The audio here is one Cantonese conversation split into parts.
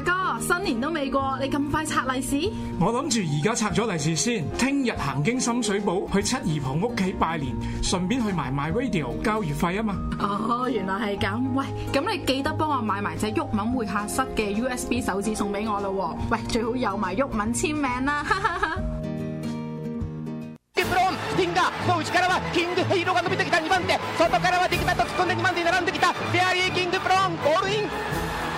哥，新年都未過，你咁快拆利是？我諗住而家拆咗利是先，聽日行經深水埗去七姨婆屋企拜年，順便去埋 MyRadio 交月費啊嘛。哦，原來係咁。喂，咁你記得幫我買埋隻郁文會客室嘅 USB 手指送俾我咯。喂，最好有埋郁文簽名啦。哈哈 .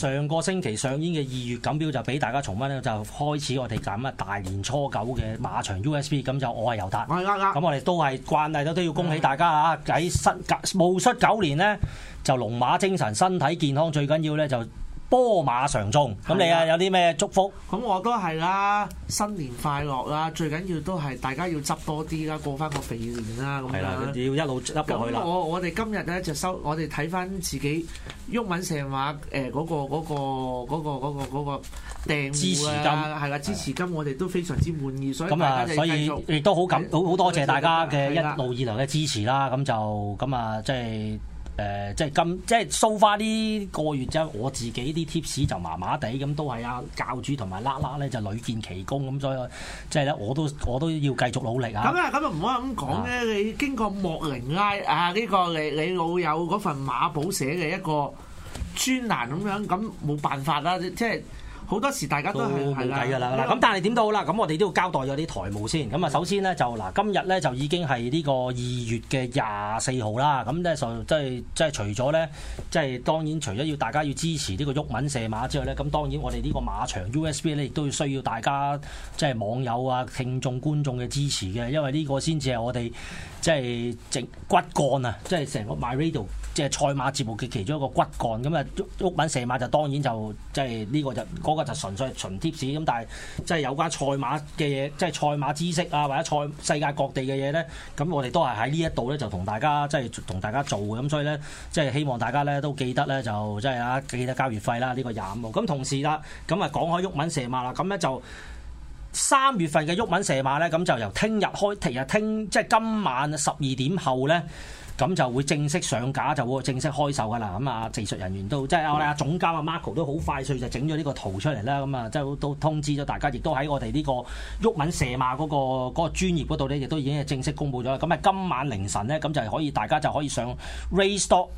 上個星期上演嘅二月錦標就俾大家重溫咧，就開始我哋揀啊大年初九嘅馬場 USB，咁就我係尤達，咁我哋都係慣例都都要恭喜大家啊！喺新戊戌九年呢，就龍馬精神，身體健康最緊要呢就。波馬常中，咁的你啊有啲咩祝福？咁我都係啦，新年快樂啦！最緊要都係大家要執多啲啦，過翻個肥年啦咁樣。要一路執落去啦。我我哋今日咧就收，我哋睇翻自己鬱文成話誒嗰、呃嗰個嗰、嗰個嗰、嗰個、嗰個嗰個訂啊、支持金，係啦支持金，我哋都非常之滿意。咁啊的，所以亦都好感好好多謝大家嘅一路以來嘅支持啦。咁就咁啊，即係。誒、呃，即係今即係掃翻啲個月之後，我自己啲 tips 就麻麻地咁，都係啊教主同埋啦啦咧就屢見其功咁，所以即係咧我都我都要繼續努力啊！咁啊、嗯，咁啊唔可以咁講咧，你經過莫靈拉啊呢、呢個你你老友嗰份馬寶寫嘅一個專欄咁樣，咁冇辦法啦，即係。好多時大家都係冇計㗎啦，咁但係點都好啦，咁林了我哋都要交代咗啲台務先。咁啊、嗯，首先呢，就嗱，今日呢，就已經係呢個二月嘅廿四號啦。咁咧就即係即係除咗呢，即係當然除咗要大家要支持呢個毓民射馬之外呢，咁當然我哋呢個馬場 USB 咧亦都需要大家即係網友啊、聽眾、觀眾嘅支持嘅，因為呢個先至係我哋即係整骨幹啊，即係成個 MyRadio 即係賽馬節目嘅其中一個骨幹。咁啊，毓民射馬就當然就即係呢個就就純粹純貼士咁，但係即係有關賽馬嘅嘢，即係賽馬知識啊，或者賽世界各地嘅嘢咧，咁我哋都係喺呢一度咧，就同大家即係同大家做嘅咁，所以咧即係希望大家咧都記得咧，就即係啊記得交月費啦。呢個廿五號咁，同時啦咁啊，講開鬱文射馬啦，咁咧就三月份嘅鬱文射馬咧，咁就由聽日開，聽日聽即係今晚十二點後咧。咁就會正式上架，就會正式開售㗎啦。咁啊，技術人員都即係我哋阿總監阿 Marco 都好快脆就整咗呢個圖出嚟啦。咁啊，即係都都通知咗大家，亦都喺我哋呢個鬱文射馬嗰個嗰個專業嗰度咧，亦都已經係正式公布咗啦。咁啊，今晚凌晨咧，咁就係可以大家就可以上 Ray Store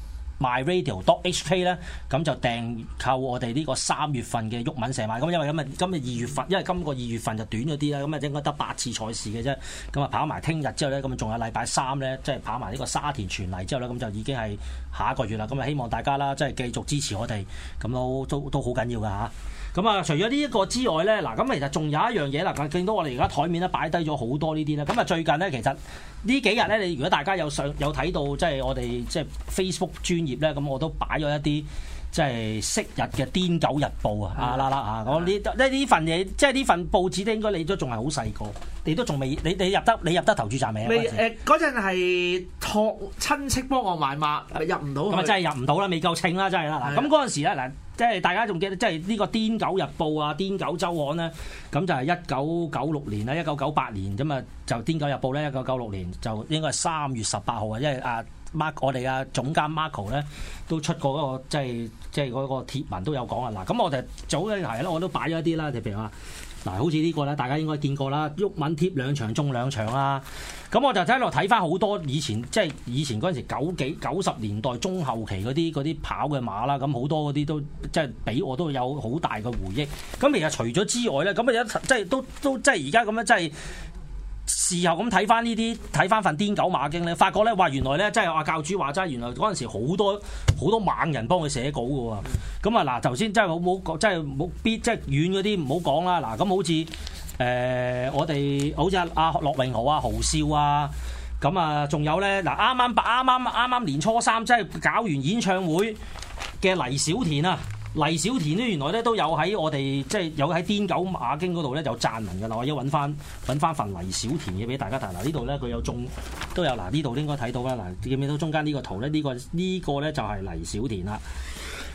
myradio dot hk 咧，咁就訂購我哋呢個三月份嘅玉文石買。咁因為咁啊，今日二月份，因為今個二月份就短咗啲啦，咁啊，應該得八次賽事嘅啫。咁啊，跑埋聽日之後咧，咁啊，仲有禮拜三咧，即係跑埋呢個沙田全壘之後咧，咁就已經係下一個月啦。咁啊，希望大家啦，即係繼續支持我哋，咁都都都好緊要噶嚇。咁啊，除咗呢一個之外咧，嗱，咁其實仲有一樣嘢能夠見到我哋而家台面咧擺低咗好多呢啲咧。咁啊，最近咧其實呢幾日咧，你如果大家有上有睇到，即係我哋即係 Facebook 專頁咧，咁我都擺咗一啲。即係昔日嘅《癲狗日報》啊，啦啦啊！咁呢呢份嘢，即係呢份報紙咧，應該你都仲係好細個，你都仲未，你你入得你入得投注站未啊？未誒，嗰陣係託親戚幫我買嘛，入唔到。咁啊，真係入唔到啦，未夠稱啦，真係啦。咁嗰陣時咧，嗱，即係大家仲記得，即係呢個《癲狗日報》啊，《癲狗週刊》咧，咁就係一九九六年啊，一九九八年咁啊，就《癲狗日報》咧，一九九六年就應該係三月十八號啊，因為啊。Mark，我哋啊總監 Marco 咧都出過嗰個即係即係嗰個貼文都有講啊嗱，咁我哋早嗰陣時我都擺咗一啲啦，譬如啊嗱，好似呢個咧大家應該見過啦，鬱文貼兩場中兩場啦，咁我就睇落睇翻好多以前即係以前嗰陣時九幾九十年代中後期嗰啲啲跑嘅馬啦，咁好多嗰啲都即係俾我都有好大嘅回憶。咁其實除咗之外咧，咁啊一即係都都即係而家咁樣即係。事後咁睇翻呢啲，睇翻份《癲狗馬經》咧，發覺咧，哇！原來咧，真係阿教主話齋，原來嗰陣時好多好多猛人幫佢寫稿嘅喎。咁、嗯、啊，嗱，頭先真係好冇，真係冇必，即係遠嗰啲唔好講啦。嗱、呃，咁好似誒我哋，好似阿阿駱永豪啊、豪少啊，咁啊，仲有咧，嗱、啊，啱啱啱啱啱啱年初三，真係搞完演唱會嘅黎小田啊！黎小田呢，原來咧都有喺我哋即係有喺癲狗馬經嗰度咧，有讚文噶啦。我而家揾翻翻份黎小田嘅俾大家睇。嗱，呢度咧佢有中都有嗱，呢度應該睇到啦。嗱，見唔見到中間呢個圖咧？呢、呢個呢、呢個咧就係黎小田啦。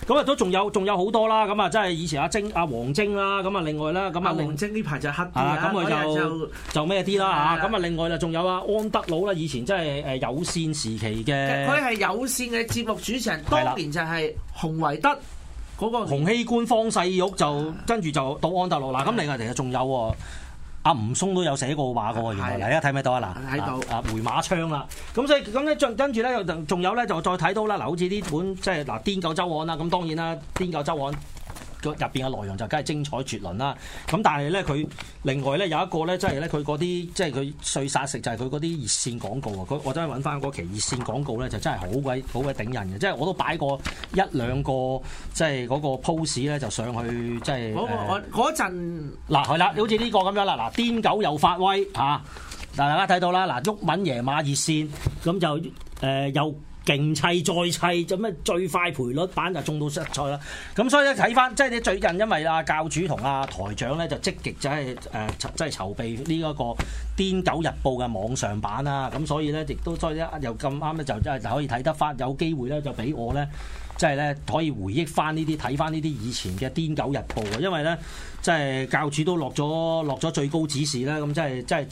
咁啊，都仲有仲有好多啦。咁啊，即係以前阿晶阿黃晶啦。咁啊，另外啦，咁啊黃晶呢排就黑啲咁佢就就咩啲啦嚇。咁啊，另外啦，仲有啊安德佬啦，以前真係誒有線時期嘅。佢係有線嘅節目主持人，當年就係洪維德。洪熙官、方世玉就 跟住就到安特路。嗱，咁 另外其實仲有阿吳松都有寫過話嘅，原來嗱，而家睇唔睇到啊？嗱，喺度啊，回 馬槍啦。咁所以咁咧，跟跟住咧，又仲有咧，就再睇到啦。嗱，好似呢本即係嗱，癲狗周案啦。咁當然啦，癲狗周案。入邊嘅內容就梗係精彩絕倫啦！咁但係咧，佢另外咧有一個咧，即係咧佢嗰啲即係佢碎殺食，就係佢嗰啲熱線廣告啊！我真係揾翻嗰期熱線廣告咧，就真係好鬼好鬼頂人嘅，即係我都擺過一兩個即係嗰個 pose 咧，就上去即係。嗰、呃、陣嗱係啦，你好似呢個咁樣啦，嗱，癲狗又發威嚇，嗱、啊、大家睇到啦，嗱，喐文爺馬熱線咁就誒、呃、又。勁砌再砌，咁咩最快賠率版就中到失賽啦！咁所以咧睇翻，即係你最近因為啦教主同阿台長咧就積極即係誒即係籌備呢、這、一個《癲狗日報》嘅網上版啦、啊。咁所以咧亦都再一又咁啱咧，就即係可以睇得翻，有機會咧就俾我咧即係咧可以回憶翻呢啲睇翻呢啲以前嘅《癲狗日報》嘅，因為咧即係教主都落咗落咗最高指示咧，咁即係即係。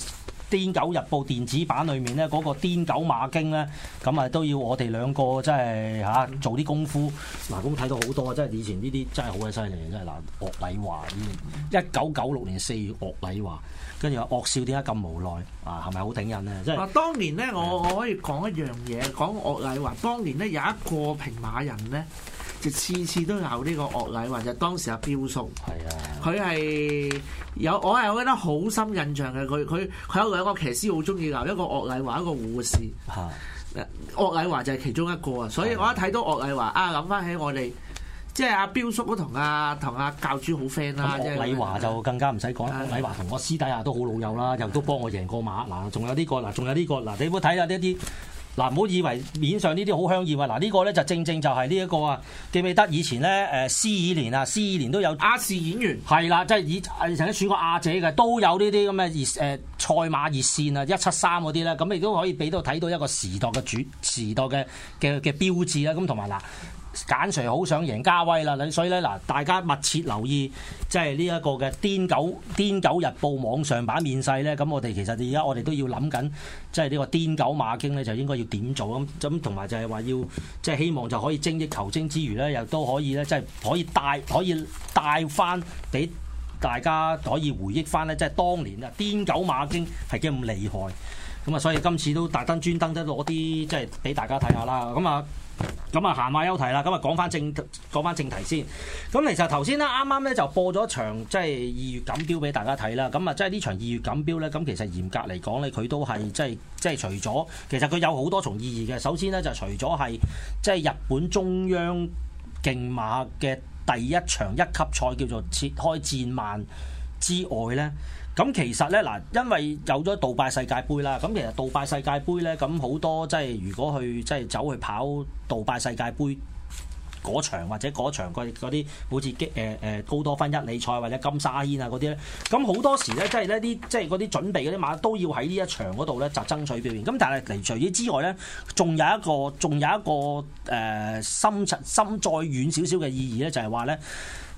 《癲狗日報》電子版裏面咧，嗰、那個癲狗馬經咧，咁啊都要我哋兩個真係嚇、啊、做啲功夫。嗱，咁睇到好多啊，多真係以前呢啲真係好鬼犀利，真係嗱，岳禮華一九九六年四月，岳禮華跟住話：岳少點解咁無奈啊？係咪好頂人咧？即係嗱，當年咧，我、啊、我可以講一樣嘢，講岳禮華。當年咧有一個平馬人咧，就次次都鬧呢個岳禮華，就是、當時阿標叔，佢係、啊。有我係我覺得好深印象嘅，佢佢佢有兩個騎師好中意嘅，一個岳禮華，一個護士，啊、岳禮華就係其中一個啊！所以我一睇到岳禮華啊，諗翻起我哋即係阿標叔都同阿同阿教主好 friend 啦，即係。禮華就更加唔使講啦，啊、禮華同我私底下都好老友啦，又都幫我贏過馬。嗱、呢個，仲有呢個嗱，仲有呢個嗱，你會睇下呢一啲。嗱，唔好以為面上呢啲好香豔啊！嗱，呢個咧就正正就係呢一個啊，記唔記得以前咧誒，C 二年啊，C 二年都有亞視演員，係啦，即係以曾經選過亞姐嘅，都有呢啲咁嘅熱誒賽馬熱線啊，一七三嗰啲咧，咁亦都可以俾到睇到一個時代嘅主時代嘅嘅嘅標誌啦，咁同埋嗱。簡 Sir 好想贏家威啦，所以咧嗱，大家密切留意即係呢一個嘅《癲狗癲狗日報》網上版面世咧，咁我哋其實而家我哋都要諗緊，即係呢個《癲狗馬經》咧就應該要點做咁，咁同埋就係話要即係希望就可以精益求精之餘咧，又都可以咧即係可以帶可以帶翻俾大家可以回憶翻咧，即係當年啊《癲狗馬經》係幾咁厲害，咁啊所以今次都特登專登都攞啲即係俾大家睇下啦，咁啊。咁啊，閒話休提啦，咁啊，講翻正講翻正題先。咁其實頭先咧，啱啱呢，就播咗場即係二月錦標俾大家睇啦。咁啊，即係呢場二月錦標呢，咁其實嚴格嚟講呢，佢都係即係即係除咗其實佢有好多重意義嘅。首先呢，就除咗係即係日本中央競馬嘅第一場一級賽叫做揭開戰幔之外呢。咁其實咧嗱，因為有咗杜拜世界盃啦，咁其實杜拜世界盃咧，咁好多即係如果去即係走去跑杜拜世界盃嗰場或者嗰場嗰啲好似激誒誒高多芬一哩賽或者金莎軒啊嗰啲咧，咁好多時咧即係呢啲即係啲準備嗰啲馬都要喺呢一場嗰度咧就爭取表現。咁但係除除此之外咧，仲有一個仲有一個誒深深再遠少少嘅意義咧，就係話咧。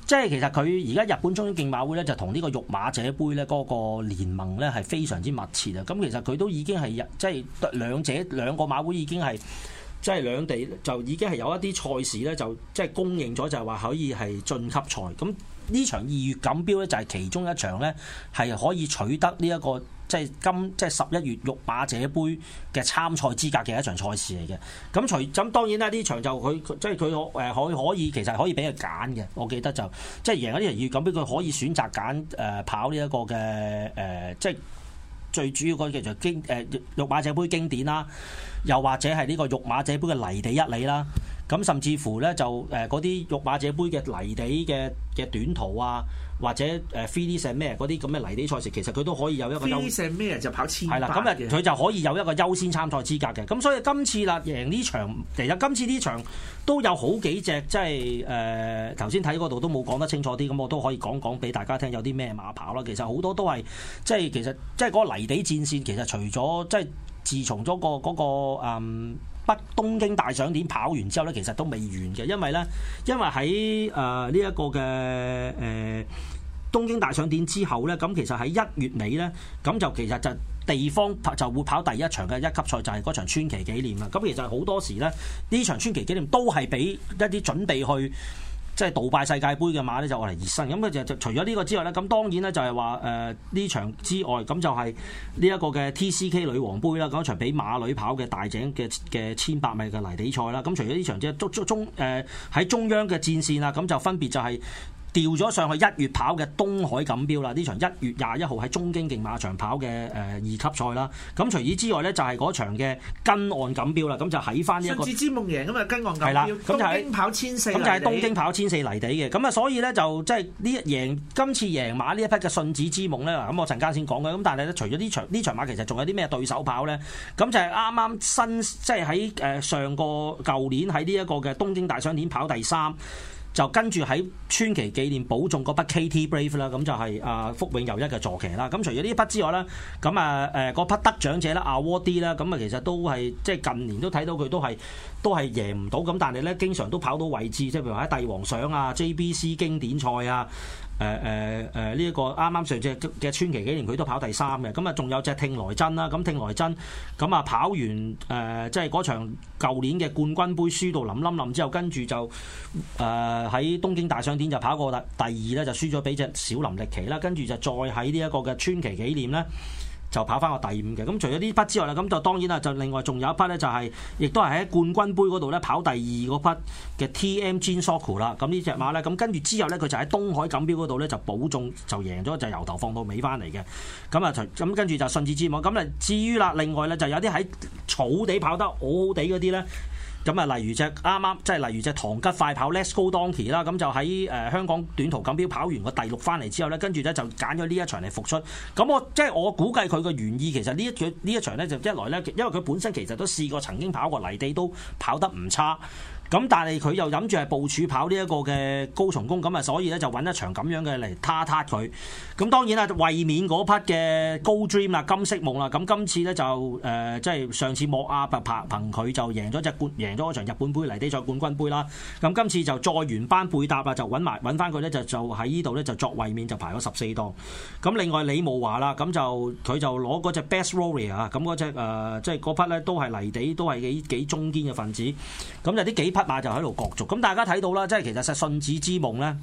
即係其實佢而家日本中央競馬會咧，就同呢個育馬者杯咧嗰個聯盟咧係非常之密切啊！咁、嗯、其實佢都已經係日即係兩者兩個馬會已經係即係兩地就已經係有一啲賽事咧，即就即係公認咗就係話可以係晉級賽咁。嗯呢場二月錦標咧就係其中一場咧，係可以取得呢、這、一個即係今，即係十一月育馬者杯嘅參賽資格嘅一場賽事嚟嘅。咁除咁當然啦，呢場就佢即係佢誒可可以其實可以俾佢揀嘅。我記得就即係贏咗呢場二月錦標，佢可以選擇揀誒跑呢一個嘅誒、呃，即係最主要嗰叫做經誒育馬者杯經典啦，又或者係呢個育馬者杯嘅泥地一哩啦。咁甚至乎咧就誒嗰啲玉馬者杯嘅泥地嘅嘅短途啊，或者誒 three 石咩嗰啲咁嘅泥地賽事，其實佢都可以有一個,一個。t h r e 咩就跑千。啦， 咁佢就可以有一個優先參賽資格嘅。咁所以今次啦，贏呢場其實今次呢場都有好幾隻，即係誒頭先睇嗰度都冇講得清楚啲，咁我都可以講講俾大家聽有啲咩馬跑啦。其實好多都係即係其實即係嗰個泥地戰線，其實除咗即係自從咗、那個嗰、那個、嗯北東京大賞典跑完之後呢，其實都未完嘅，因為呢，因為喺誒呢一個嘅誒東京大賞典之後呢，咁其實喺一月尾呢，咁就其實就地方就會跑第一場嘅一級賽，就係嗰場川崎紀念啦。咁其實好多時呢，呢場川崎紀念都係俾一啲準備去即係杜拜世界盃嘅馬咧就愛嚟熱身，咁佢就就除咗呢個之外咧，咁當然咧就係話誒呢場之外，咁就係呢一個嘅 TCK 女王杯啦，咁一場俾馬女跑嘅大井嘅嘅千八米嘅泥地賽啦，咁除咗呢場之外，中中中誒喺中央嘅戰線啊，咁就分別就係、是。掉咗上去一月跑嘅東海錦標啦，呢場一月廿一號喺中京競馬場跑嘅誒二級賽啦。咁除此之外呢，就係、是、嗰場嘅根岸錦標啦。咁就喺翻呢一個信子之夢贏咁啊，根岸錦標。係啦、這個，東京跑千四。咁就喺、是、東京跑千四泥地嘅。咁啊，所以呢，就即係呢贏今次贏馬呢一匹嘅信子之夢呢。咁我陣間先講嘅。咁但係咧，除咗呢場呢場馬，其實仲有啲咩對手跑呢？咁就係啱啱新即係喺誒上個舊年喺呢一個嘅東京大賞典跑第三。就跟住喺川崎記念保重嗰筆 KT Brave 啦，咁就係啊福永祐一嘅坐騎啦。咁除咗呢筆之外咧，咁啊誒個筆得獎者啦，Awardee 啦，咁啊其實都係即係近年都睇到佢都係都係贏唔到，咁但係咧經常都跑到位置，即係譬如喺帝王賞啊、JBC 經典賽啊。誒誒誒呢一個啱啱上只嘅川崎紀念佢都跑第三嘅，咁啊仲有隻聽來真啦，咁聽來真咁啊跑完誒即係嗰場舊年嘅冠軍杯輸到冧冧冧之後，跟住就誒喺、呃、東京大賞典就跑過第第二咧，就輸咗俾隻小林力奇啦，跟住就再喺呢一個嘅川崎紀念咧。就跑翻個第五嘅，咁除咗呢匹之外啦，咁就當然啦，就另外仲有一匹咧、就係，就係亦都係喺冠軍杯嗰度咧跑第二嗰匹嘅 TM Jinsoku 啦，咁呢隻馬咧，咁跟住之後咧，佢就喺東海錦標嗰度咧就保中就贏咗，就由頭放到尾翻嚟嘅，咁啊，咁跟住就順治之王。咁啊，至於啦，另外咧就有啲喺草地跑得好好地嗰啲咧。咁啊，例如隻啱啱，即係例如隻唐吉快跑 Let's Go Donkey 啦，咁就喺誒香港短途錦標跑完個第六翻嚟之後咧，跟住咧就揀咗呢一場嚟復出。咁我即係我估計佢嘅原意其實呢一腳呢一場咧就一來咧，因為佢本身其實都試過曾經跑過泥地都跑得唔差。咁但係佢又諗住係部署跑呢一個嘅高重工咁啊，所以咧就揾一場咁樣嘅嚟撻撻佢。咁當然啦，衛冕嗰匹嘅 Gold Dream 啦，金色夢啦。咁今次咧就誒，即、呃、係上次莫阿拍憑佢就贏咗隻冠，贏咗一場日本杯泥地賽冠軍杯啦。咁今次就再原班配搭啊，就揾埋揾翻佢咧，就就喺呢度咧就作衛冕就排咗十四檔。咁另外李慕華啦，咁就佢就攞嗰隻 Best Warrior 啊，咁嗰隻誒，即係嗰匹咧都係泥地，都係幾幾中堅嘅分子。咁就啲幾匹馬就喺度角逐，咁大家睇到啦，即係其實實信子之夢呢，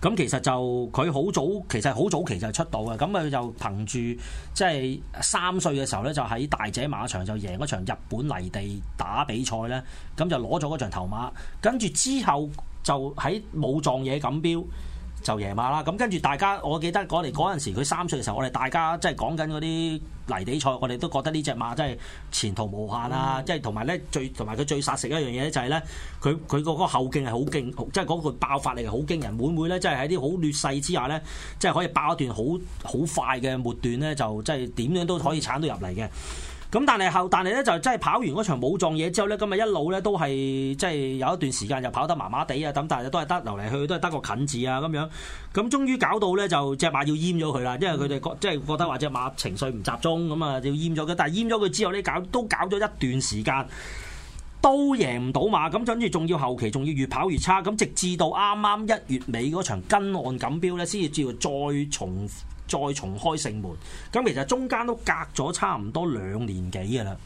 咁其實就佢好早，其實好早期就出道嘅，咁啊佢就憑住即係三歲嘅時候呢，就喺大井馬場就贏嗰場日本泥地打比賽呢。咁就攞咗嗰場頭馬，跟住之後就喺武藏野錦標。就贏馬啦，咁跟住大家，我記得嗰嚟嗰陣時，佢三歲嘅時候，我哋大家即係講緊嗰啲泥地賽，我哋都覺得呢隻馬真係前途無限啊！即係同埋咧，最同埋佢最殺食一樣嘢咧，就係咧，佢佢個嗰個後勁係好勁，即係嗰個爆發力係好驚人，每每會咧，即係喺啲好劣勢之下咧，即係可以爆一段好好快嘅末段咧，就即係點樣都可以撐到入嚟嘅。咁但係後，但係咧就真係跑完嗰場武藏野之後咧，咁啊一路咧都係即係有一段時間就跑得麻麻地啊，咁但係都係得嚟嚟去去都係得個近字啊，咁樣咁終於搞到咧就隻馬要閹咗佢啦，因為佢哋即係覺得話隻馬情緒唔集中，咁啊要閹咗佢。但係閹咗佢之後咧，搞都搞咗一段時間都贏唔到馬，咁跟住仲要後期仲要越跑越差，咁直至到啱啱一月尾嗰場根岸錦標咧，先至至再重。再重開勝門，咁其實中間都隔咗差唔多兩年幾嘅啦。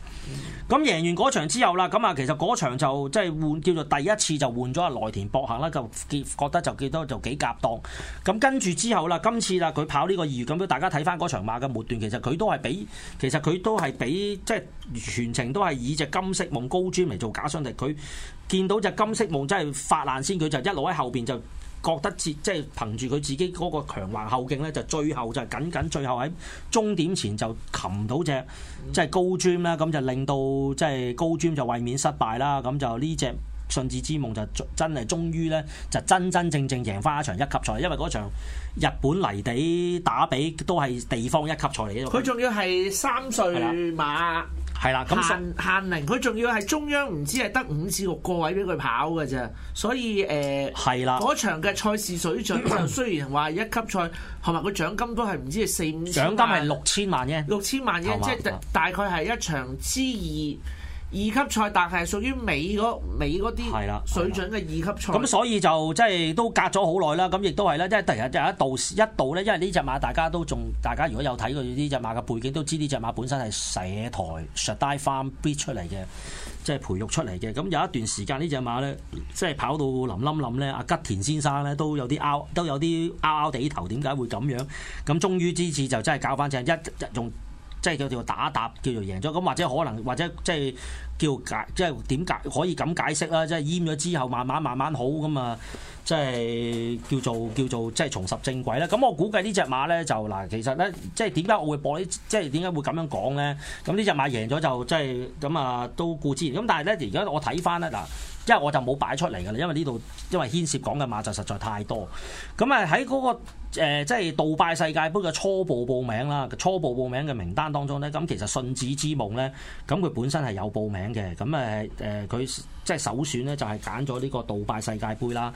咁贏完嗰場之後啦，咁啊其實嗰場就即係換叫做第一次就換咗阿內田博行啦，就見覺得就幾多，就幾夾檔。咁跟住之後啦，今次啦佢跑呢個二月，咁大家睇翻嗰場馬嘅末段，其實佢都係比，其實佢都係比，即係全程都係以隻金色夢高專嚟做假想敵。佢見到隻金色夢真係發爛先，佢就一路喺後邊就。覺得自即係憑住佢自己嗰個強橫後勁咧，就最後就係僅僅最後喺終點前就擒到隻、嗯、即係高專啦，咁就令到即係高專就衛冕失敗啦，咁就呢隻信子之夢就真係終於咧就真真正正贏翻一場一級賽，因為嗰場日本泥地打比都係地方一級賽嚟嘅。佢仲要係三歲馬。係啦，限限齡佢仲要係中央唔知係得五至六個位俾佢跑㗎啫，所以誒，嗰、呃、是的 場嘅賽事水準 雖然話一級賽，同埋個獎金都係唔知係四五，4, 5, 000, 獎金係六千萬啫，六千萬啫，即係大，大概係一場之二。二級賽，但係屬於美嗰美嗰啲水準嘅二級賽。咁、嗯嗯、所以就即係都隔咗好耐啦，咁亦都係啦，即係突然間有一度一度咧，因為呢隻馬大家都仲，大家如果有睇過呢隻馬嘅背景，都知呢隻馬本身係社台 Shadai Farm bit 出嚟嘅，即係培育出嚟嘅。咁有一段時間隻呢隻馬咧，即係跑到林冧冧咧，阿吉田先生咧都有啲拗，都有啲拗拗地頭，點解會咁樣？咁終於之次就真係搞翻正，一用。即係叫條打搭打叫做贏咗，咁或者可能或者即係叫解，即係點解可以咁解釋啦？即係閹咗之後，慢慢慢慢好咁啊！即係叫做叫做即係重拾正軌啦。咁我估計隻呢隻馬咧就嗱，其實咧即係點解我會播會呢？即係點解會咁樣講咧？咁呢隻馬贏咗就即係咁啊，都固之然。咁但係咧，而家我睇翻咧嗱，因為我就冇擺出嚟噶啦，因為呢度因為牽涉講嘅馬就實在太多。咁啊喺嗰個。誒、呃，即係杜拜世界盃嘅初步報名啦，初步報名嘅名、名單當中咧，咁其實信子之夢咧，咁佢本身係有報名嘅，咁誒誒佢。即係首選呢，就係揀咗呢個杜拜世界盃啦。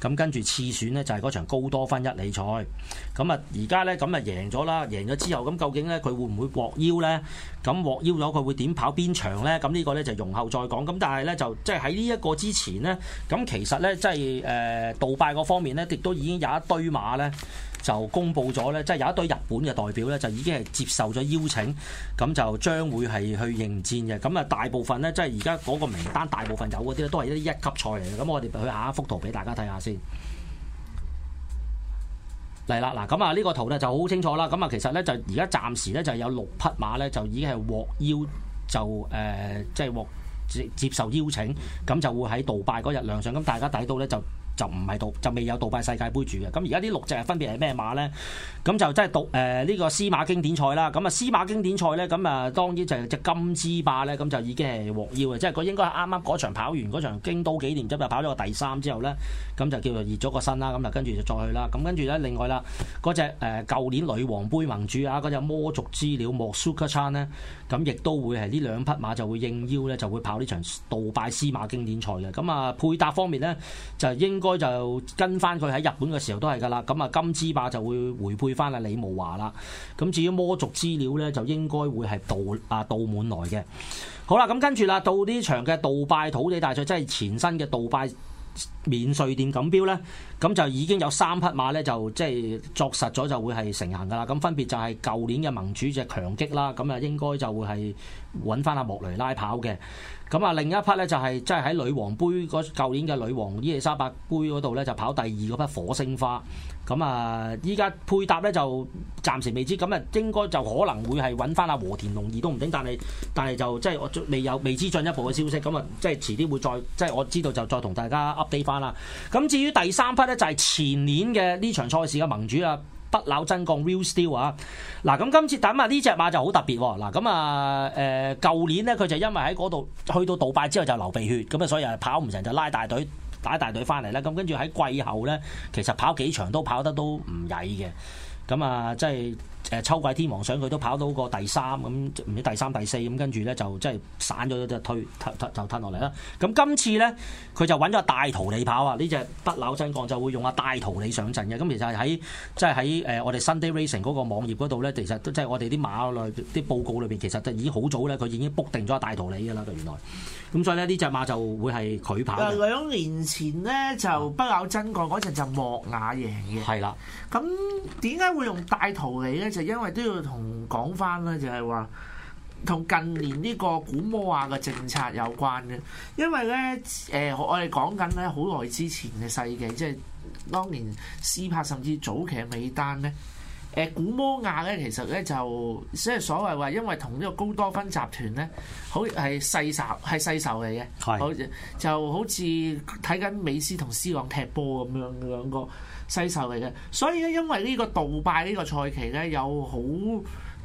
咁跟住次選呢，就係嗰場高多芬一哩賽。咁啊，而家呢，咁啊贏咗啦，贏咗之後咁究竟呢？佢會唔會獲邀呢？咁獲邀咗佢會點跑邊場呢？咁、這、呢個呢，就容後再講。咁但係呢，就即係喺呢一個之前呢。咁其實呢，即係誒杜拜嗰方面呢，亦都已經有一堆馬呢。就公布咗呢，即係有一堆日本嘅代表呢，就已經係接受咗邀請，咁就將會係去迎戰嘅。咁啊，大部分呢，即係而家嗰個名單，大部分有嗰啲都係一啲一級賽嚟嘅。咁我哋去下一幅圖俾大家睇下先。嚟啦，嗱，咁啊，呢個圖呢就好清楚啦。咁啊，其實呢，就而家暫時呢，就有六匹馬呢，就已經係獲邀就誒、呃，即係獲接受邀請，咁就會喺杜拜嗰日亮相。咁大家睇到呢，就。就唔係杜就未有杜拜世界盃住嘅，咁而家呢六隻分別係咩馬咧？咁就真係杜誒呢個《司馬經典賽》啦。咁啊，《司馬經典賽呢》咧，咁啊當然就係隻金之霸咧，咁就已經係獲邀嘅，即係佢應該係啱啱嗰場跑完嗰場京都紀念盃跑咗個第三之後咧，咁就叫做熱咗個身啦。咁啊，跟住就再去啦。咁跟住咧，另外啦，嗰隻誒舊年女王杯盟主啊，嗰隻魔族資料莫蘇克山呢，咁亦都會係呢兩匹馬就會應邀咧，就會跑呢場杜拜司馬經典賽嘅。咁啊，配搭方面咧，就應。應該就跟翻佢喺日本嘅時候都係噶啦，咁啊金之霸就會回配翻啊李慕華啦，咁至於魔族資料呢，就應該會係倒啊倒滿來嘅。好啦，咁跟住啦，到呢場嘅杜拜土地大賽，即係前身嘅杜拜免稅店錦標呢，咁就已經有三匹馬呢，就即係、就是、作實咗就會係成行噶啦，咁分別就係舊年嘅盟主強就強擊啦，咁啊應該就會係。揾翻阿莫雷拉跑嘅，咁啊另一匹咧就係即係喺女王杯嗰舊年嘅女王伊麗莎白杯嗰度咧就跑第二嗰匹火星花，咁啊依家配搭咧就暫時未知，咁啊應該就可能會係揾翻阿和田龍二都唔定，但係但係就即係我未有未知進一步嘅消息，咁啊即係遲啲會再即係我知道就再同大家 update 翻啦。咁至於第三匹咧就係前年嘅呢場賽事嘅盟主啊。不朽真降 Real Steel 啊！嗱、啊，咁今次等啊呢隻馬就好特別喎、哦！嗱、啊，咁啊誒，舊年咧佢就因為喺嗰度去到杜拜之後就流鼻血，咁啊所以啊跑唔成就拉大隊打大隊翻嚟啦。咁、啊、跟住喺季後咧，其實跑幾場都跑得都唔曳嘅，咁啊即係。誒，秋季天王上佢都跑到個第三咁，唔知第三第四咁，跟住咧就即係散咗就退就褪落嚟啦。咁今次咧，佢就揾咗戴圖理跑啊！呢隻不朽真鋼就會用阿戴圖理上陣嘅。咁其實喺即係喺誒我哋 Sunday Racing 嗰個網頁嗰度咧，其實即係我哋啲馬類啲報告裏邊，其實已經好早咧，佢已經 book 定咗阿戴圖理噶啦。原來咁，所以咧，呢隻馬就會係佢跑。兩年前呢，就不朽真鋼嗰陣就莫雅贏嘅。係啦。咁點解會用戴圖理咧？因為都要同講翻啦，就係話同近年呢個古摩亞嘅政策有關嘅。因為咧，誒、呃、我哋講緊咧好耐之前嘅世紀，即係當年斯帕甚至早期嘅美丹咧，誒、欸、古摩亞咧其實咧就即係所謂話，因為同呢個高多芬集團咧，好係世仇係世仇嚟嘅，係是就好似睇緊美斯同斯朗踢波咁樣兩個。西受嚟嘅，所以咧，因為呢個杜拜呢個賽期咧，有好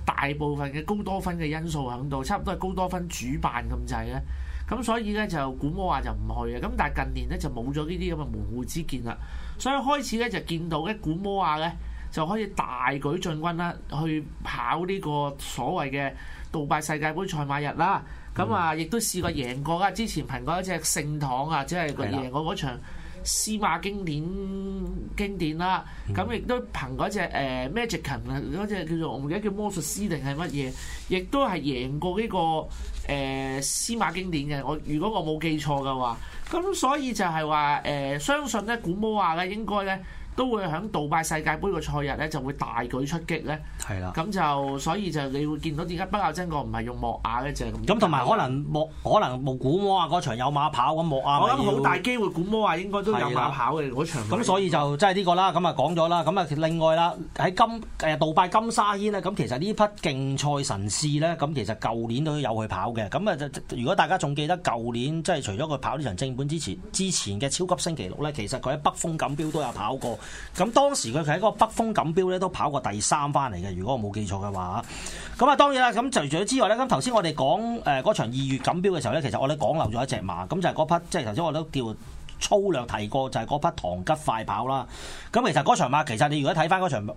大部分嘅高多芬嘅因素響度，差唔多係高多芬主辦咁滯嘅，咁所以咧就古摩亞就唔去嘅，咁但係近年咧就冇咗呢啲咁嘅門戶之見啦，所以開始咧就見到咧古摩亞咧就可以大舉進軍啦，去跑呢個所謂嘅杜拜世界盃賽馬日啦，咁啊亦都試過贏過啊，之前憑嗰一隻聖堂啊，即係贏過嗰場。司馬經典》經典啦，咁亦都憑嗰隻誒 Magic 啊，嗰隻叫做我唔記得叫魔術師定係乜嘢，亦都係贏過呢、這個誒《司、呃、馬經典》嘅。我如果我冇記錯嘅話，咁所以就係話誒，相信咧古魔話嘅應該咧。都會響杜拜世界盃個賽日咧，就會大舉出擊咧。係啦是的，咁就所以就你會見到點解北亞真個唔係用莫亞呢？就係咁。咁同埋可能莫可能莫古摩亞嗰場有馬跑咁莫亞。我諗好大機會古摩亞應該都有馬跑嘅嗰是的 場。咁所以就真係呢個啦。咁啊講咗啦。咁啊另外啦，喺金誒、呃、杜拜金沙軒呢，咁其實呢匹競賽神師呢，咁其實舊年都有去跑嘅。咁啊，如果大家仲記得舊年即係除咗佢跑呢場正本之前之前嘅超級星期六呢，其實佢喺北風錦標都有跑過。咁當時佢喺嗰個北風錦標咧都跑過第三返嚟嘅，如果我冇記錯嘅話。咁啊當然啦，咁除咗之外咧，咁頭先我哋講誒嗰場二月錦標嘅時候咧，其實我哋講漏咗一隻馬，咁就係嗰匹即係頭先我都叫。粗略提過就係、是、嗰匹唐吉快跑啦，咁其實嗰場馬其實你如果睇翻嗰場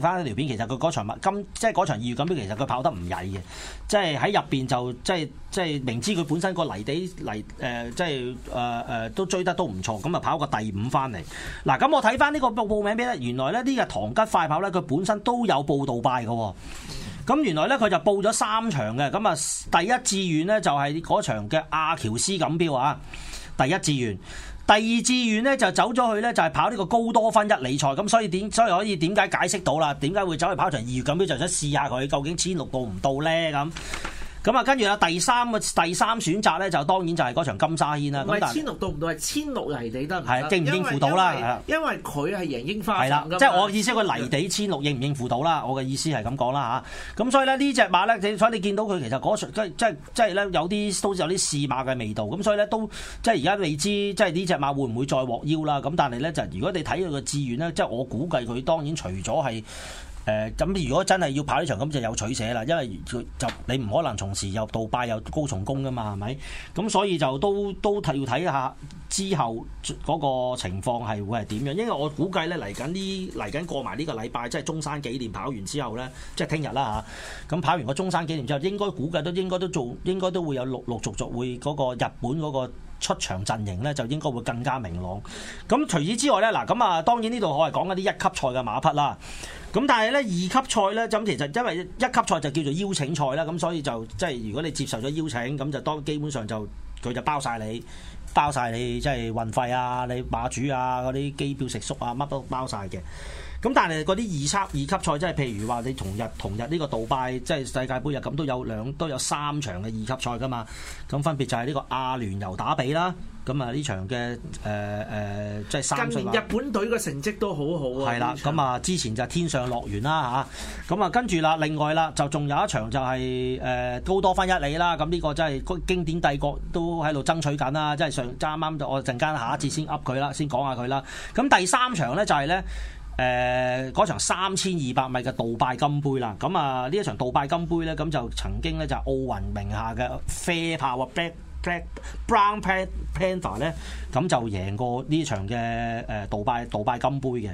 翻嗰條片，其實佢嗰場馬今即係嗰場二月錦標其實佢跑得唔曳嘅，即係喺入邊就即係即係明知佢本身個泥地嚟，誒即係誒誒都追得都唔錯，咁啊跑個第五翻嚟。嗱、啊、咁我睇翻呢個報報名咩咧？原來咧呢個唐吉快跑咧佢本身都有報杜拜嘅，咁原來咧佢就報咗三場嘅，咁啊第一志願咧就係、是、嗰場嘅阿喬斯錦標啊，第一志願。第二志願咧就走咗去咧，就係跑呢個高多芬一哩賽，咁所以點，所以可以點解解釋到啦？點解會走去跑場二月？咁樣就想試下佢究竟千六到唔到呢？咁。咁啊，跟住啊，第三個第三選擇咧，就當然就係嗰場金莎軒啦。唔係是但千六到唔到，係千六泥地得唔得？係應唔應付到啦？因為佢係為的贏櫻花盃，的即係我意思，佢泥地千六應唔應付到啦？我嘅意思係咁講啦嚇。咁、啊、所以咧呢隻馬咧，所你所你見到佢其實嗰、那、場、個、即即即係咧有啲都有啲試馬嘅味道。咁所以咧都即係而家未知，即係呢隻馬會唔會再獲邀啦？咁但係咧就，如果你睇佢嘅志願咧，即係我估計佢當然除咗係。誒咁，如果真係要跑呢場，咁就有取捨啦，因為就你唔可能同時又杜拜又高松宮噶嘛，係咪？咁所以就都都睇要睇下之後嗰個情況係會係點樣，因為我估計咧嚟緊呢嚟緊過埋呢個禮拜，即係中山紀念跑完之後咧，即係聽日啦嚇，咁、啊、跑完個中山紀念之後，應該估計都應該都做，應該都會有陸陸續續會嗰個日本嗰個。出場陣營咧就應該會更加明朗。咁除此之外咧，嗱咁啊，當然呢度我係講一啲一級賽嘅馬匹啦。咁但係咧二級賽咧，就咁其實因為一級賽就叫做邀請賽啦，咁所以就即係如果你接受咗邀請，咁就當基本上就佢就包晒你，包晒你，即係運費啊、你馬主啊、嗰啲機票食宿啊乜都包晒嘅。咁但係嗰啲二級二級賽，即係譬如話你同日同日呢個杜拜即係世界盃日咁，都有兩都有三場嘅二級賽噶嘛。咁分別就係呢個阿聯酋打比啦。咁、呃、啊呢場嘅誒誒即係三。近日本隊嘅成績都好好啊。係啦的，咁啊、嗯、之前就係天上樂園啦吓，咁啊跟住啦，另外啦就仲有一場就係、是、誒、呃、高多芬一里啦。咁呢個真係經典帝國都喺度爭取緊啦。即、就、係、是、上爭啱啱，我陣間下，下一節先噏佢啦，先講下佢啦。咁第三場呢，就係呢。誒嗰、呃、場三千二百米嘅杜拜金杯啦，咁啊呢一場杜拜金杯咧，咁就曾經咧就奧運名下嘅 f 啡豹啊，black black brown panther 咧，咁就贏過呢場嘅誒、呃、杜拜杜拜金杯嘅，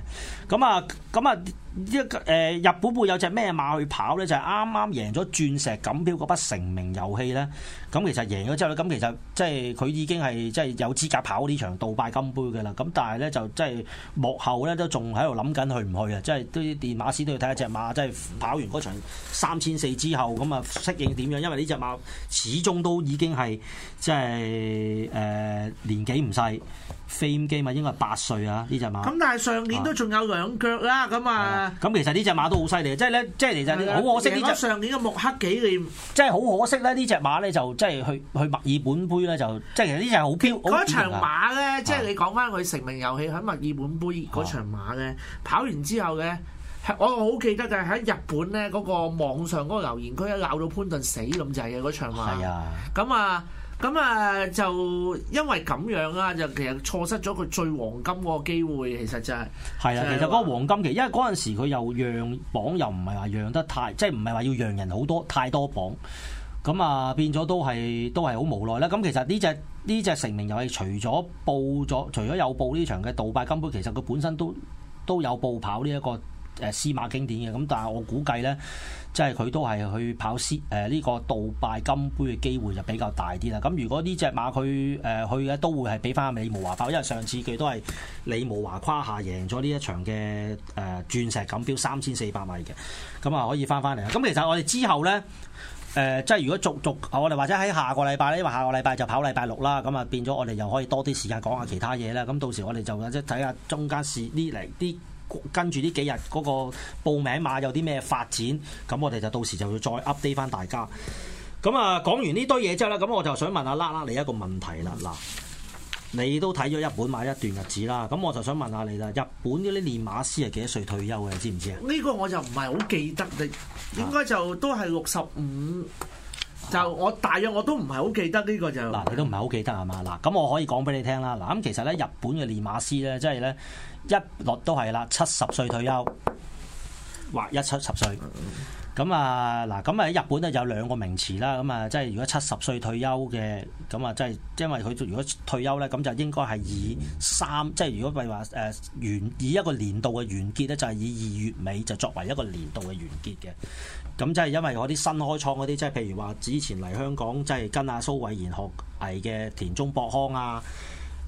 咁啊咁啊。一誒日本會有隻咩馬去跑咧？就係啱啱贏咗鑽石錦標嗰匹成名遊戲咧。咁其實贏咗之後咧，咁其實即係佢已經係即係有資格跑呢場杜拜金杯嘅啦。咁但係咧就即係幕後咧都仲喺度諗緊去唔去啊！即係啲練馬師都要睇下隻馬，即係跑完嗰場三千四之後，咁啊適應點樣？因為呢隻馬始終都已經係即係誒年紀唔細，飛機咪應該係八歲啊！呢隻馬咁但係上年都仲有兩腳啦，咁啊～咁其實呢隻馬都好犀利，即係咧，即係其實好可惜呢隻。上年嘅目黑紀念，即係好可惜咧，呢隻馬咧就即係去去墨爾本杯咧，就即係其實呢隻係好飄。嗰場馬咧，啊、即係你講翻佢成名遊戲喺墨爾本杯嗰場馬咧，啊、跑完之後咧，我好記得嘅，喺日本咧嗰個網上嗰個留言區，一鬧到潘頓死咁滯嘅嗰場馬。啊，咁啊。咁啊，就因為咁樣啊，就其實錯失咗佢最黃金嗰個機會，其實就係係啦，的其實嗰個黃金期，因為嗰陣時佢又讓磅，又唔係話讓得太，即係唔係話要讓人好多太多磅。咁啊變咗都係都係好無奈啦。咁其實呢隻呢隻成名遊戲除咗報咗，除咗有報呢場嘅杜拜金杯，其實佢本身都都有報跑呢一個誒司馬經典嘅，咁但係我估計咧。即係佢都係去跑先，呢、呃這個杜拜金杯嘅機會就比較大啲啦。咁如果呢隻馬佢誒佢嘅都會係俾翻李慕華跑，因為上次佢都係李慕華跨下贏咗呢一場嘅誒、呃、鑽石錦標三千四百米嘅，咁啊可以翻翻嚟。咁其實我哋之後呢，誒、呃、即係如果續續，我哋或者喺下個禮拜，因為下個禮拜就跑禮拜六啦，咁啊變咗我哋又可以多啲時間講下其他嘢啦。咁到時我哋就即係睇下中間試啲嚟啲。跟住呢幾日嗰個報名碼有啲咩發展，咁我哋就到時就要再 update 翻大家。咁啊，講完呢堆嘢之後咧，咁我就想問下啦啦你一個問題啦，嗱，你都睇咗日本馬一段日子啦，咁我就想問下你啦，日本嗰啲練馬師係幾多歲退休嘅？知唔知啊？呢個我就唔係好記得，你應該就都係六十五。就我大約我都唔係好記得呢、呢個就嗱、啊，你都唔係好記得係嘛嗱？咁、啊、我可以講俾你聽啦嗱。咁其實咧，日本嘅練馬師咧，即係咧一律都係啦，七十歲退休或一七十歲。咁啊嗱，咁啊喺日本咧有兩個名詞啦。咁啊即係如果七十歲退休嘅，咁啊即係因為佢如果退休咧，咁就應該係以三即係如果譬如話誒完以一個年度嘅完結咧，就係、係、以二月尾就作為一個年度嘅完結嘅。咁即係因為嗰啲新開倉嗰啲，即係譬如話之前嚟香港，即、就、係、是、跟阿蘇偉賢學藝嘅田中博康啊，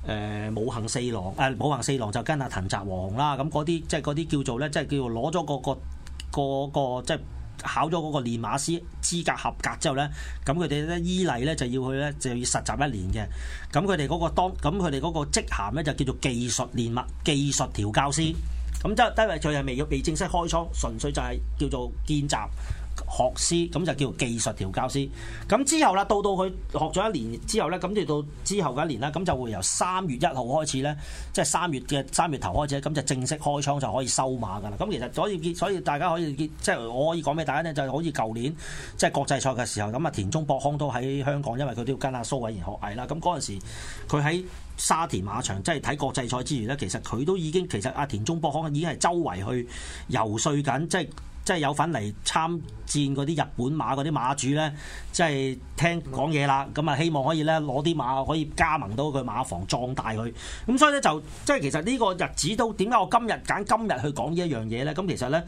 誒、呃、武行四郎，誒、啊、武行四郎就跟阿藤澤和雄啦。咁嗰啲即係嗰啲叫做咧，即、就、係、是、叫做攞咗嗰個嗰個即係、就是、考咗嗰個練馬師資格合格之後咧，咁佢哋咧依例咧就要去咧就要實習一年嘅。咁佢哋嗰個當咁佢哋嗰個職銜咧就叫做技術練馬、技術調教師。咁即係低位佢係未要未正式開倉，純粹就係叫做見習。學師，咁就叫技術調教師，咁之後啦，到到佢學咗一年之後呢，咁就到之後嗰一年啦，咁就會由三月一號開始呢，即係三月嘅三月頭開始咧，咁就正式開倉就可以收馬噶啦。咁其實所以所以大家可以即係、就是、我可以講俾大家咧，就是、好似舊年即係、就是、國際賽嘅時候咁啊，田中博康都喺香港，因為佢都要跟阿蘇偉賢學藝啦。咁嗰陣時，佢喺沙田馬場即係睇國際賽之餘呢，其實佢都已經其實阿田中博康已經係周圍去游說緊，即、就、係、是。即係有份嚟參戰嗰啲日本馬嗰啲馬主咧，即係聽講嘢啦，咁啊希望可以咧攞啲馬可以加盟到佢馬房，壯大佢。咁所以咧就即係其實呢個日子都點解我今日揀今日去講呢一樣嘢咧？咁其實咧，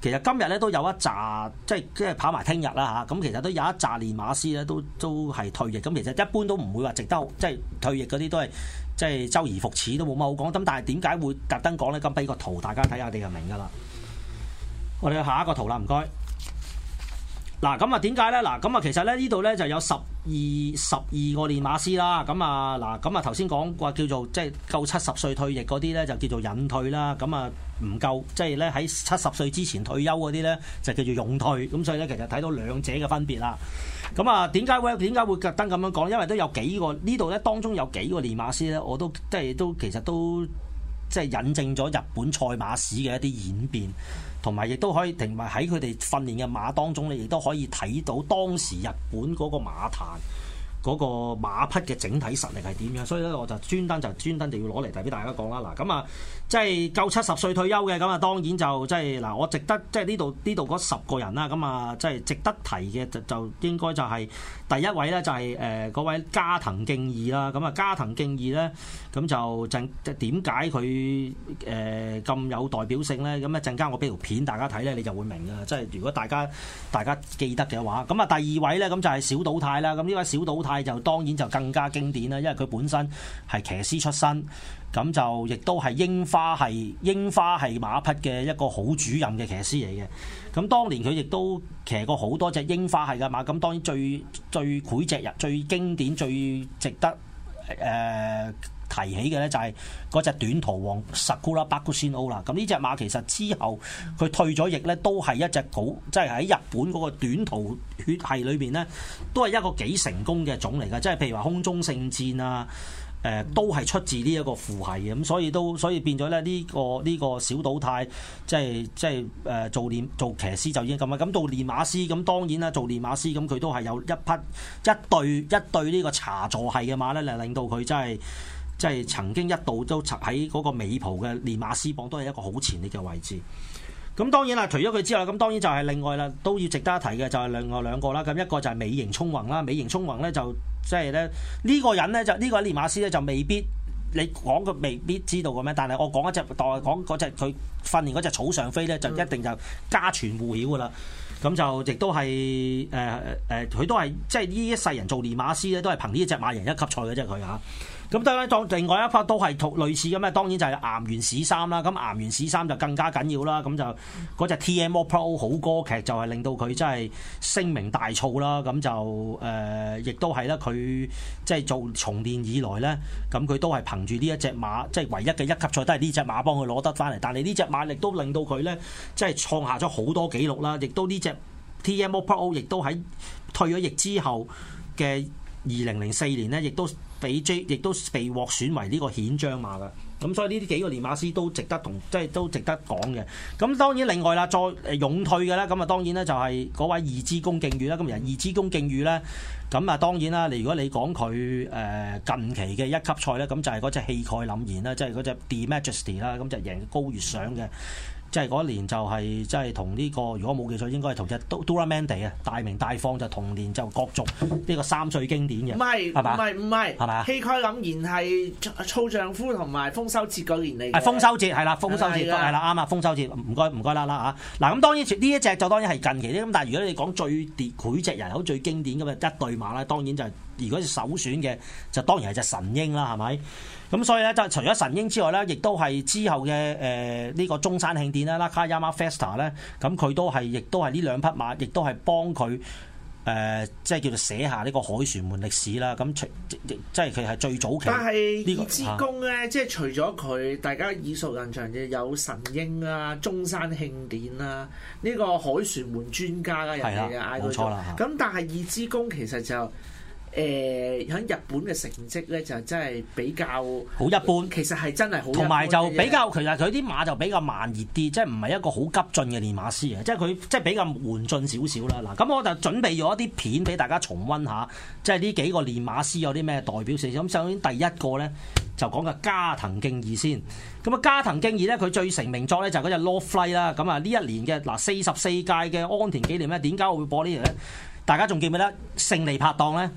其實今日咧都有一紮，即係即係跑埋聽日啦嚇。咁、啊、其實都有一紮練馬師咧，都都係退役。咁其實一般都唔會話值得，即係退役嗰啲都係即係周而復始都冇乜好講。咁但係點解會特登講咧？咁俾個圖大家睇下，你就明㗎啦。我哋去下一個圖啦，唔該。嗱、啊，咁啊點解咧？嗱，咁啊其實咧呢度咧就有十二十二個練馬師啦。咁啊嗱，咁啊頭先講過叫做即係夠七十歲退役嗰啲咧，就叫做引退啦。咁啊唔夠，即係咧喺七十歲之前退休嗰啲咧，就叫做勇退。咁所以咧，其實睇到兩者嘅分別啦。咁啊點解？點解會特登咁樣講？因為都有幾個呢度咧，當中有幾個練馬師咧，我都即係都其實都即係引證咗日本賽馬史嘅一啲演變。同埋亦都可以，停埋喺佢哋訓練嘅馬當中咧，亦都可以睇到當時日本嗰個馬壇。嗰個馬匹嘅整體實力係點樣，所以咧，我就專登就專登就要攞嚟遞俾大家講啦。嗱，咁啊，即係夠七十歲退休嘅，咁啊當然就即係嗱，我值得即係呢度呢度十個人啦。咁啊，即係值得提嘅就就應該就係、是、第一位咧，就係、是、誒、呃、位加藤敬二啦。咁啊，加藤敬二咧，咁就陣點解佢誒咁有代表性咧？咁咧陣間我俾條片大家睇咧，你就會明嘅。即係如果大家大家記得嘅話，咁啊第二位咧，咁就係小島太啦。咁呢位小島太。就當然就更加經典啦，因為佢本身係騎師出身，咁就亦都係櫻花系櫻花系馬匹嘅一個好主任嘅騎師嚟嘅。咁當年佢亦都騎過好多隻櫻花系嘅馬，咁當然最最膾炙人口、最經典、最值得誒、呃提起嘅咧就係嗰隻短途王 Sakura Bakushin O 啦，咁呢隻馬其實之後佢退咗役咧，都係一隻好，即係喺日本嗰個短途血系裏邊咧，都係一個幾成功嘅種嚟嘅，即係譬如話空中聖戰啊，誒、呃、都係出自呢一個父系嘅，咁所以都所以變咗咧呢個呢、呢個呢個小島太，即係即係誒做練做騎師就已經咁樣，咁做練馬師咁當然啦，做練馬師咁佢都係有一匹一對一對呢個茶座系嘅馬咧，嚟令到佢真係。即係曾經一度都喺嗰個美浦嘅練馬師榜都係一個好前列嘅位置。咁當然啦，除咗佢之外，咁當然就係另外啦，都要值得一提嘅，就係另外兩個啦。咁一個就係美型聰穎啦，美型聰穎咧就即係咧呢個人咧就、這個、人呢就、這個練馬師咧就未必你講佢未必知道嘅咩？但係我講一隻代講嗰隻佢訓練嗰隻草上飛咧，就一定就家傳戶曉噶啦。咁就亦都係誒誒，佢、呃呃呃、都係即係呢一世人做練馬師咧，都係憑呢一隻馬贏一級賽嘅啫，佢、啊、嚇。啊。咁得啦，另外一匹都係同類似咁咩？當然就係岩原史三啦。咁岩原史三就更加緊要啦。咁就嗰隻 TMO Pro 好歌劇就係、是、令到佢真係聲名大噪啦。咁就誒、呃，亦都係咧，佢即係做重練以來咧，咁佢都係憑住呢一隻馬，即係唯一嘅一級賽都係呢隻馬幫佢攞得返嚟。但係呢隻馬力都令到佢咧，即係創下咗好多紀錄啦。亦都呢隻 TMO Pro 亦都喺退咗役之後嘅二零零四年咧，亦都。俾 J 亦都被獲選為呢個顯彰馬嘅，咁所以呢啲幾個練馬師都值得同，即係都值得講嘅。咁當然另外啦，再勇退嘅咧，咁啊當然咧就係嗰位二之宮敬宇啦。咁人二之宮敬宇咧，咁啊當然啦。你如果你講佢誒近期嘅一級賽咧，咁就係嗰隻氣概凜然啦，即係嗰隻 D Majesty 啦，咁就贏皐月賞嘅。即係嗰年就係即係同呢個，如果冇記錯，應該係同隻 d o l l a Man d y 啊，大明大放就同年就角逐呢個三歲經典嘅，係咪是？唔係唔係，係咪啊？氣概黯然係操丈夫同埋豐收節嗰年嚟嘅。豐收節係啦，豐收節係啦，啱啊！豐收節唔該唔該啦啦嚇。嗱，咁當然呢一隻就當然係近期啲咁，但係如果你講最膾炙人口最經典咁樣一對馬啦，當然就係、是。如果首選嘅就當然係隻神鷹啦，係咪？咁所以咧，就除咗神鷹之外咧，亦都係之後嘅誒呢個中山慶典啦、Nakayama Festa 咧，咁佢都係，亦都係呢兩匹馬，亦都係幫佢誒，即係叫做寫下呢個凱旋門歷史啦。咁即係佢係最早期。但係二之宮咧，即係除咗佢，大家耳熟能詳嘅有神鷹啊、中山慶典啦、呢個凱旋門專家啦，人哋嘅嗌佢做。咁但係二之宮其實就。誒喺、嗯、日本嘅成績咧就真係比較一好一般，其實係真係好同埋就比較，其實佢啲馬就比較慢熱啲，即係唔係一個好急進嘅練馬師啊！即係佢即係比較緩進少少啦。嗱，咁我就準備咗一啲片俾大家重溫下，即係呢幾個練馬師有啲咩代表性。績。咁首先第一個咧就講嘅加藤敬義先。咁啊，加藤敬義咧佢最成名作咧就嗰隻 Law Fly 啦。咁啊呢一年嘅嗱四十四屆嘅安田紀念咧，點解我會播呢樣咧？大家仲記唔記得勝利拍檔咧？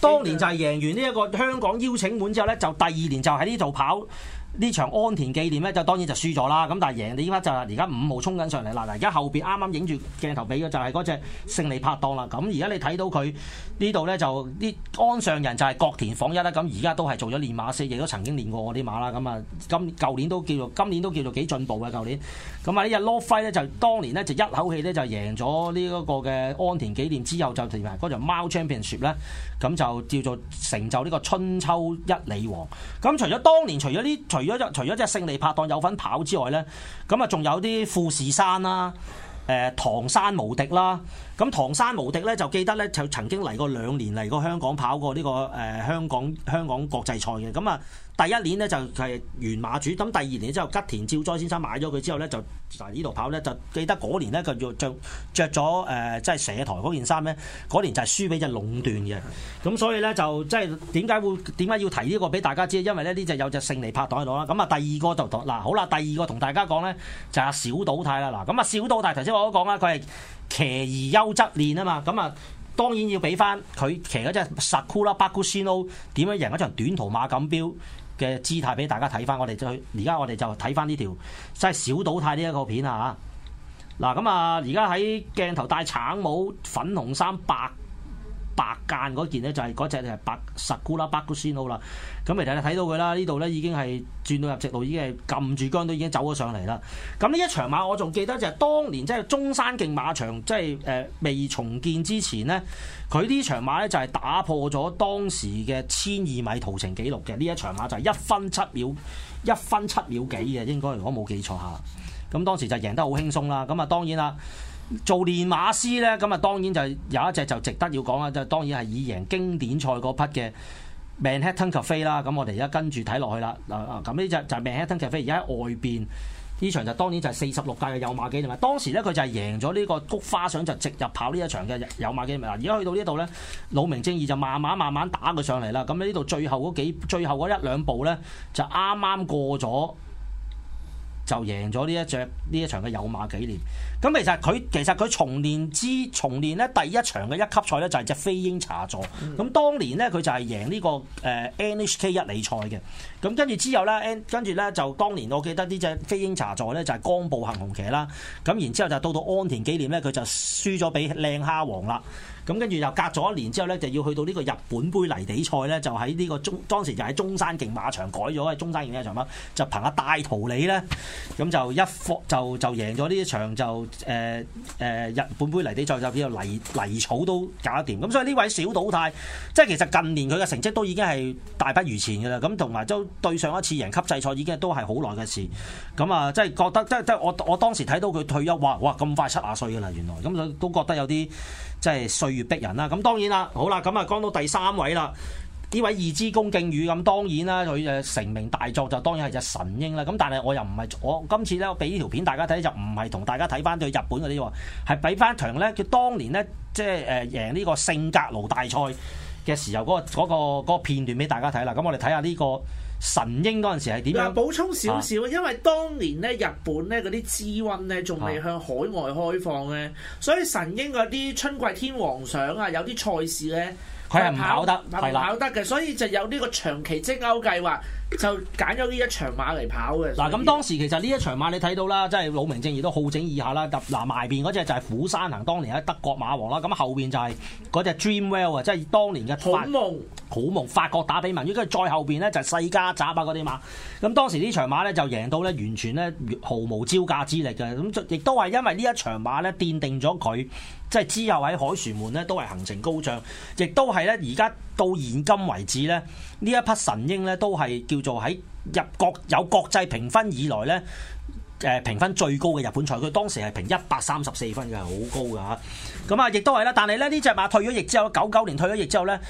當年就係贏完呢一個香港邀請盃之後呢，就第二年就喺呢度跑。呢場安田紀念咧就當然就輸咗啦，咁但係贏你依家就係而家五號衝緊上嚟嗱嗱，而家後邊啱啱影住鏡頭俾嘅就係嗰隻勝利拍檔啦，咁而家你睇到佢呢度咧就啲安上人就係國田晃一啦，咁而家都係做咗練馬師，亦都曾經練過我啲馬啦，咁啊今舊年都叫做今年都叫做幾進步嘅舊年，咁啊呢日羅輝咧就當年咧就一口氣咧就贏咗呢一個嘅安田紀念之後就同埋嗰場 Mile Championship 咧，咁就叫做成就呢個春秋一哩王，咁除咗當年除咗呢除咗除咗即係勝利拍檔有份跑之外呢，咁啊仲有啲富士山啦、誒唐山無敵啦，咁唐山無敵呢，就記得呢，就曾經嚟過兩年嚟過香港跑過呢個誒香港香港國際賽嘅，咁啊。第一年咧就係原馬主，咁第二年之後吉田照哉先生買咗佢之後咧就嗱呢度跑咧，就記得嗰年咧佢着著咗誒即係社台嗰件衫咧，嗰年就係輸俾隻壟斷嘅，咁、嗯、所以咧就即係點解會點解要提呢個俾大家知？因為咧呢隻有隻勝利拍檔喺度啦。咁啊第二個就嗱好啦，第二個同大家講咧就阿、係、小島太啦。嗱咁啊小島太頭先我都講啦，佢係騎而優則練啊嘛。咁啊當然要俾翻佢騎嗰隻十酷啦巴酷斯諾點樣贏嗰場短途馬錦標。嘅姿態俾大家睇翻，我哋就去而家我哋就睇翻呢條即係、就是、小島太呢一個片啊嚇！嗱咁啊，而家喺鏡頭戴橙帽、粉紅衫、白。白間嗰件呢，就係嗰隻就係白 Sakura Bakushin O 啦，咁你睇到佢啦，呢度呢已經係轉到入直路，已經係撳住韁都已經走咗上嚟啦。咁呢一場馬我仲記得就係當年即係中山競馬場即係誒未重建之前呢，佢呢場馬呢，就係打破咗當時嘅千二米途程記錄嘅。呢一場馬就一分七秒，一分七秒幾嘅，應該如果冇記錯吓。咁當時就贏得好輕鬆啦。咁啊當然啦。做練馬師咧，咁啊當然就有一隻就值得要講啦，就當然係以贏經典賽嗰匹嘅 Manhattan Cafe 啦。咁我哋而家跟住睇落去啦。嗱，咁呢隻就 Manhattan Cafe 而家喺外邊呢場就當然就係四十六屆嘅有馬紀念。當時咧佢就係贏咗呢個菊花賞就直入跑呢一場嘅有馬紀念。嗱，而家去到呢度咧，老名正義就慢慢慢慢打佢上嚟啦。咁咧呢度最後嗰幾最後嗰一兩步咧就啱啱過咗，就贏咗呢一隻呢一場嘅有馬紀念。咁其實佢其實佢重連之重連咧第一場嘅一級賽咧就係隻飛鷹茶座，咁、嗯、當年咧佢就係贏呢個誒 NHK 一哩賽嘅。咁跟住之後咧，跟住咧就當年我記得呢隻飛鷹茶座咧就係岡部幸雄騎啦，咁然之後就到到安田紀念咧佢就輸咗俾靚蝦王啦，咁跟住就隔咗一年之後咧就要去到呢個日本杯泥地賽咧就喺呢個中當時就喺中山競馬場改咗喺中山競馬場啦，就憑下大桃李咧咁就一科就就，就贏咗呢場就。誒誒，日本杯泥地賽就叫做泥泥草都搞得掂，咁所以呢位小島太，即係其實近年佢嘅成績都已經係大不如前嘅啦，咁同埋都對上一次贏級制賽已經都係好耐嘅事，咁啊，即係覺得即係即係我我當時睇到佢退休，哇哇咁快七啊歲嘅啦，原來咁就都覺得有啲即係歲月逼人啦，咁當然啦，好啦，咁啊講到第三位啦。呢位二之宮敬宇，咁當然啦，佢誒成名大作就當然係隻神鷹啦。咁但係我又唔係我今次咧，我俾呢條片大家睇就唔係同大家睇翻對日本嗰啲，係俾翻場咧佢當年咧即係誒贏呢個聖格奴大賽嘅時候嗰、嗰個嗰、嗰個嗰個、片段俾大家睇啦。咁我哋睇下呢個神鷹嗰陣時係點樣啊？補充少少，因為當年咧日本咧嗰啲資訊咧仲未向海外開放嘅，啊、所以神鷹嗰啲春季天皇賞啊，有啲賽事咧。佢唔跑得，係啦跑，跑得嘅，了所以就有呢個長期積優計劃。就揀咗呢一場馬嚟跑嘅。嗱，咁、啊、當時其實呢一場馬你睇到啦，即係老明正義都好整以下啦。嗱埋邊嗰隻就係虎山行，當年係德國馬王啦。咁後邊就係嗰隻 Dreamwell 啊，well, 即係當年嘅好夢，好夢懵法國打比文。跟住再後邊呢，就係世家咋把嗰啲馬。咁當時呢場馬咧就贏到咧完全咧毫無招架之力嘅。咁、啊、亦都係因為呢一場馬咧奠定咗佢，即係之後喺凱旋門咧都係行情高漲，亦都係咧而家到現今為止咧。呢一匹神鷹咧，都係叫做喺入國有國際評分以來咧，誒、呃、評分最高嘅日本賽，佢當時係評一百三十四分嘅，係好高㗎吓。咁啊，亦都係啦。但係咧，呢隻馬退咗役之後，九九年退咗役之後咧，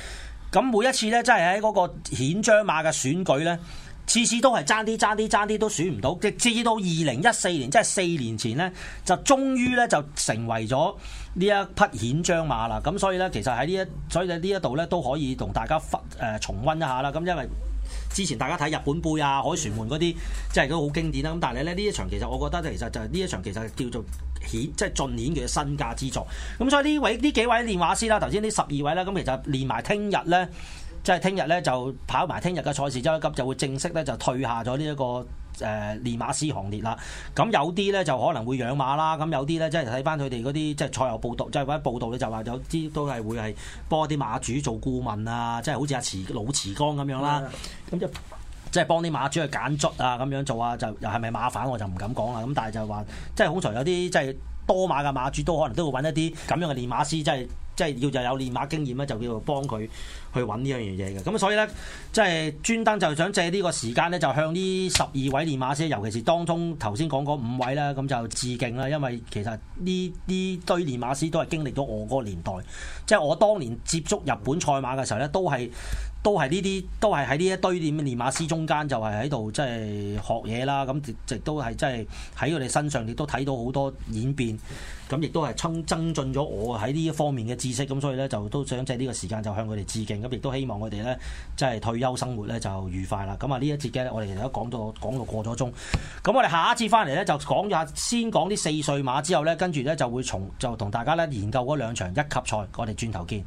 咁每一次咧，真係喺嗰個顯彰馬嘅選舉咧，次次都係爭啲爭啲爭啲都選唔到，直至到二零一四年，即係四年前咧，就終於咧就成為咗。呢一匹顯將馬啦，咁所以咧，其實喺呢一，所以喺呢一度咧，都可以同大家翻誒、呃、重溫一下啦。咁因為之前大家睇日本杯啊、凱旋門嗰啲，即係都好經典啦。咁但係咧，呢一場其實我覺得，其實就呢、係、一場其實叫做顯，即係盡顯嘅身價之作。咁所以呢位呢幾位練馬師啦，頭先呢十二位啦，咁其實連埋聽日咧。即係聽日咧就跑埋聽日嘅賽事之後，急就會正式咧就退下咗呢一個誒練馬師行列啦。咁有啲咧就可能會養馬啦。咁有啲咧即係睇翻佢哋嗰啲即係賽後報道，即係嗰啲報道咧就話有啲都係會係幫啲馬主做顧問啊，即係好似阿慈、老慈剛咁樣啦。咁即即係幫啲馬主去揀卒啊，咁樣做啊，就又係咪馬反？是是我就唔敢講啦。咁但係就係話即係好彩有啲即係多馬嘅馬主都可能都會揾一啲咁樣嘅練馬師，即係即係要就有練馬經驗咧，就叫做幫佢。去揾呢樣嘢嘅，咁所以呢，即係專登就想借呢個時間呢，就向呢十二位練馬師，尤其是當中頭先講嗰五位啦，咁就致敬啦。因為其實呢呢堆練馬師都係經歷咗我嗰個年代，即係我當年接觸日本賽馬嘅時候呢，都係都係呢啲都係喺呢一堆點練馬師中間就就，就係喺度即係學嘢啦。咁亦都係即係喺佢哋身上，亦都睇到好多演變。咁亦都係增增進咗我喺呢一方面嘅知識。咁所以呢，就都想借呢個時間，就向佢哋致敬。咁亦都希望佢哋咧，即係退休生活咧就愉快啦。咁啊呢一節嘅咧，我哋其實都講到講到過咗鐘。咁我哋下一次翻嚟咧，就講下先講啲四歲馬之後咧，跟住咧就會從就同大家咧研究嗰兩場一級賽。我哋轉頭見。